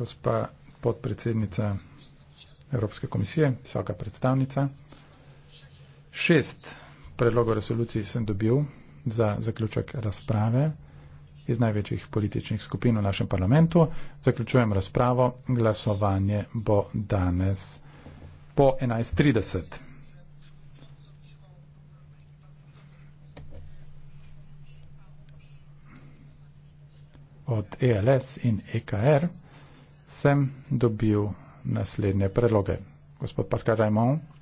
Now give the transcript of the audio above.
gospa podpredsednica Evropske komisije, visoka predstavnica. Šest predlogov resolucij sem dobil za zaključek razprave iz največjih političnih skupin v našem parlamentu. Zaključujem razpravo. Glasovanje bo danes po 11.30. od ELS in EKR sem dobil naslednje predloge. Gospod Pascal Raymond,